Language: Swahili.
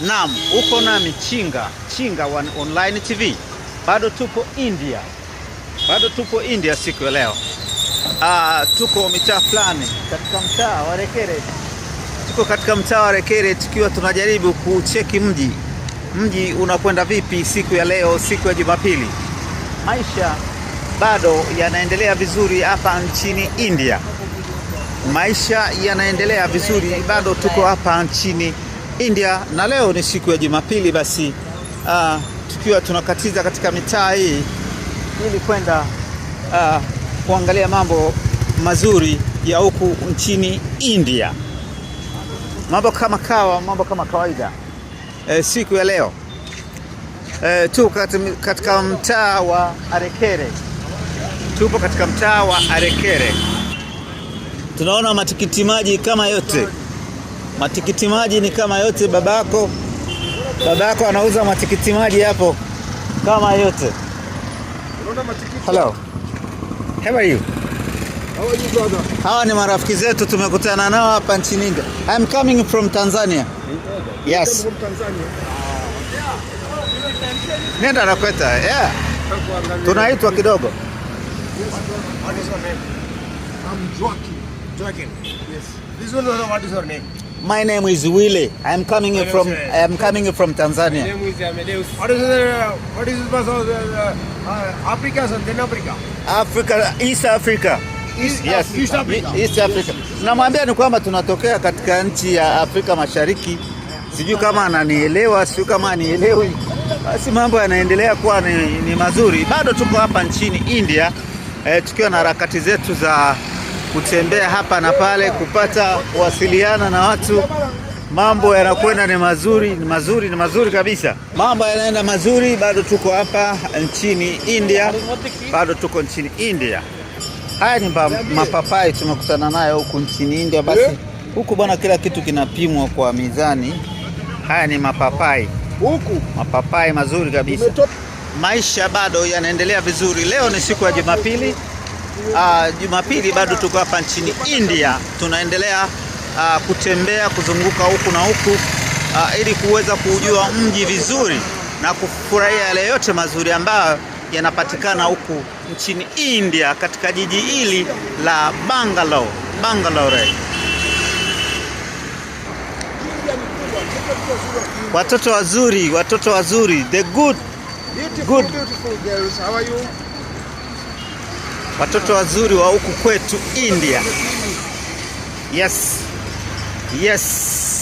Naam, uko nami Chinga, Chinga One Online TV. Bado tupo India, bado tupo India siku ya leo. Aa, ah, tuko mitaa fulani katika mtaa wa Rekere, tuko katika mtaa wa Rekere tukiwa tunajaribu kucheki mji, mji unakwenda vipi siku ya leo, siku ya Jumapili. Maisha bado yanaendelea vizuri hapa nchini India, maisha yanaendelea vizuri, bado tuko hapa nchini India, na leo ni siku ya Jumapili. Basi uh, tukiwa tunakatiza katika mitaa hii ili kwenda uh, kuangalia mambo mazuri ya huku nchini India, mambo kama kawa, mambo kama kawaida e, siku ya leo e, eh, tu katika mtaa wa Arekere, tupo katika mtaa wa Arekere, tunaona matikiti maji kama yote Matikiti maji ni kama yote, babako babako anauza matikiti maji hapo kama yote. Hello. How are you? How are you brother? Hawa ni marafiki zetu tumekutana nao hapa nchini India. I'm coming from Tanzania. Yes. From Tanzania. Ah. Nenda na kweta. Yeah. Tunaitwa kidogo. I'm joking. Joaquin. Yes. This one, what is your name? My name is Willie. I'm coming in from I am coming from Tanzania. My name is Amadeus. What is the what is the uh, uh, Africa then Africa? Africa, East Africa. East, East Africa. E-, East Africa. Namwambia ni kwamba tunatokea katika nchi ya Afrika Mashariki. Sijui kama ananielewa, sijui kama anielewi. Basi mambo yanaendelea kuwa ni, ni mazuri. Bado tuko hapa nchini India eh, tukiwa na harakati zetu za kutembea hapa na pale, kupata kuwasiliana na watu. Mambo yanakwenda ni mazuri, ni mazuri, ni mazuri kabisa. Mambo yanaenda mazuri, bado tuko hapa nchini India, bado tuko nchini India. Haya ni mapapai tumekutana nayo huku nchini India. Basi huku bwana, kila kitu kinapimwa kwa mizani. Haya ni mapapai huku, mapapai mazuri kabisa. Maisha bado yanaendelea vizuri. Leo ni siku ya Jumapili uh, Jumapili bado tuko hapa nchini India, tunaendelea uh, kutembea kuzunguka huku na huku uh, ili kuweza kujua mji vizuri na kufurahia yale yote mazuri ambayo yanapatikana huku nchini India katika jiji hili la Bangalore, Bangalore. Watoto wazuri, watoto wazuri, the good, good watoto wazuri wa huku kwetu India. Yes, yes.